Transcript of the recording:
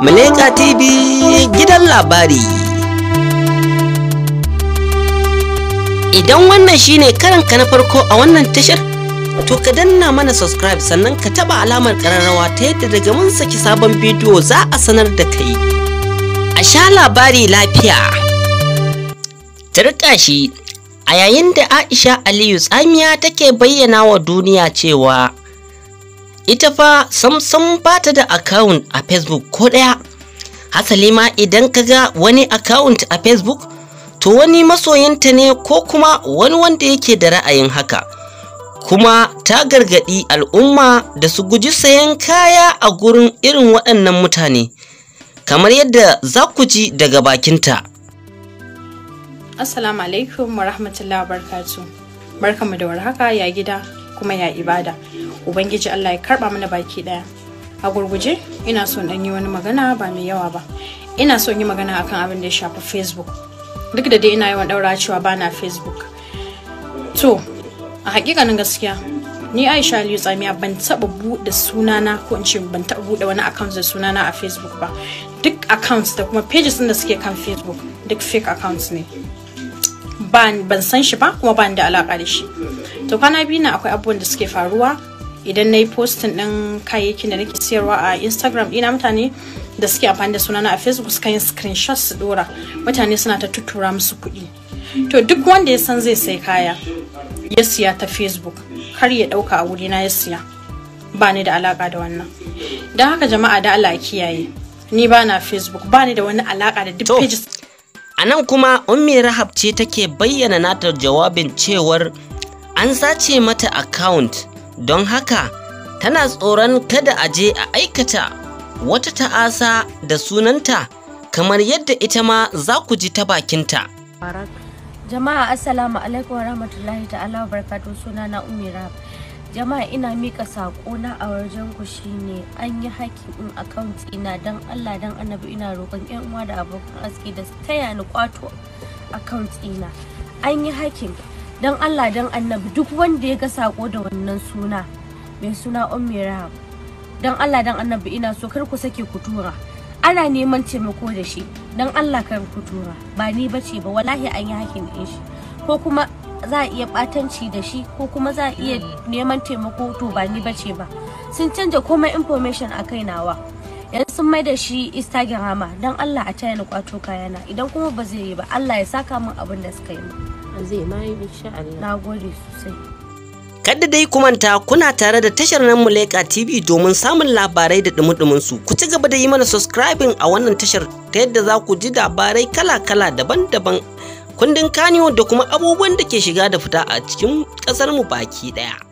Maleka TV gidan labari. Idan wannan shine karanka na farko a wannan tashar, to ka danna mana subscribe sannan ka taba alamar kararrawa ta yadda daga mun saki sabon bidiyo za a sanar da kai. A sha labari lafiya. Tarka shi a yayin da Aisha Aliyu tsamiya take bayyana wa duniya cewa ita fa samsam ba ta da akawun a facebook ko ɗaya hasali ma idan ka ga wani account a facebook to wani masoyinta ne ko kuma wani wanda yake da ra'ayin haka kuma ta gargaɗi al'umma da su guji sayan kaya a gurin irin waɗannan mutane kamar yadda za ku ji daga bakinta assalamu alaikum wa rahmatullahi barkatu barkamu da warhaka ya gida kuma ya ibada ubangiji allah ya karba mana baki daya a gurguje ina son dan yi wani magana ba mai yawa ba ina son yi magana akan abin da ya shafi facebook duk da dai ina yawan daura cewa ba na facebook to a hakikanin gaskiya ni aisha aliyu tsamiya ban taba buɗe sunana ko in ce ban taba buɗe wani account da sunana a facebook ba duk accounts da kuma pages din da suke kan facebook duk fake accounts ne ban san shi ba kuma ban da alaka da shi to kwana biyu na akwai abubuwan da suke faruwa idan na yi postin ɗin kayayyakin da nake siyarwa a instagram ɗina mutane da suke amfani da sunana a facebook suka yi screenshot su dora mutane suna ta tuttura musu kuɗi to duk wanda ya san zai sai kaya ya siya ta facebook kar ya ɗauka a wurina ya siya ba ni da alaka da wannan don haka jama'a da allah kiyaye ni ba na facebook ba ni da wani alaka da duk pages a nan kuma ummi rahab ce take bayyana nata jawabin cewar an sace mata account don haka tana tsoron kada a je a aikata wata ta'asa da sunanta kamar yadda ita ma za ku ji ta bakinta. Jama'a Assalamu alaikum wa rahmatullahi ta'ala wa barkatu suna na Umira. Jama'a ina mika sako na a wajen ku shine an yi hakikin account ina dan Allah dan Annabi ina roƙon yan uwa da abokan aski da taya ni kwato account ina. An yi hakin don Allah don annabi duk wanda ya ga sako da wannan suna mai suna ummi rahab don Allah don annabi ina so kar ku sake ku tura ana neman taimako da shi don Allah kar ku tura ba ni bace ba wallahi an yi hakin din shi ko kuma za a iya batanci da shi ko kuma za a iya neman taimako to ba ni bace ba sun canja komai information a kai nawa yan sun mai da shi instagram don Allah a taya ni kwato kayana idan kuma ba zai yi ba Allah ya saka mun abin da suka yi mu zai ma yi insha Kadda dai kumanta kuna tare da tashar nan Muleka TV domin samun labarai da dumudumin su. Ku ci gaba da yi mana subscribing a wannan tashar ta yadda za ku ji labarai kala-kala daban-daban kundin kaniyo da kuma abubuwan da ke shiga da fita a cikin ƙasar mu baki ɗaya.